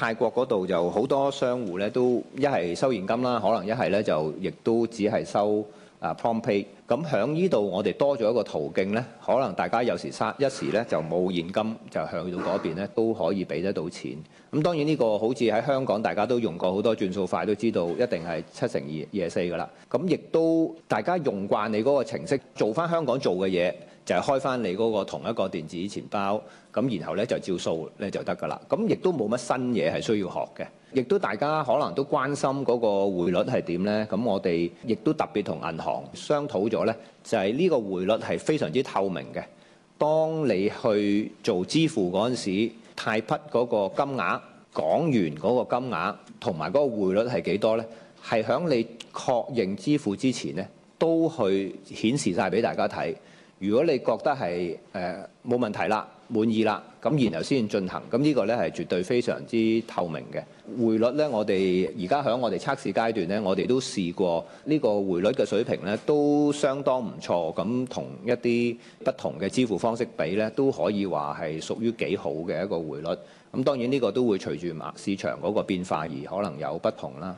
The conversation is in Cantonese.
泰國嗰度就好多商戶咧，都一係收現金啦，可能一係咧就亦都只係收啊 PromptPay。咁響呢度，我哋多咗一個途徑咧，可能大家有時三一時咧就冇現金，就向到嗰邊咧都可以俾得到錢，咁當然呢、這個好似喺香港，大家都用過好多轉數快，都知道一定係七乘二十四噶啦。咁亦都大家用慣你嗰個程式，做翻香港做嘅嘢，就係、是、開翻你嗰個同一個電子錢包，咁然後咧就照數咧就得噶啦。咁亦都冇乜新嘢係需要學嘅。亦都大家可能都關心嗰個匯率係點咧？咁我哋亦都特別同銀行商討咗。咧就係呢個匯率係非常之透明嘅。當你去做支付嗰陣時，泰銖嗰個金額，港元嗰個金額同埋嗰個匯率係幾多咧？係喺你確認支付之前咧，都去顯示晒俾大家睇。如果你覺得係誒冇問題啦，滿意啦，咁然後先進行，咁呢個呢係絕對非常之透明嘅匯率呢，我哋而家響我哋測試階段呢，我哋都試過呢個匯率嘅水平呢都相當唔錯。咁同一啲不同嘅支付方式比呢，都可以話係屬於幾好嘅一個匯率。咁當然呢個都會隨住市場嗰個變化而可能有不同啦。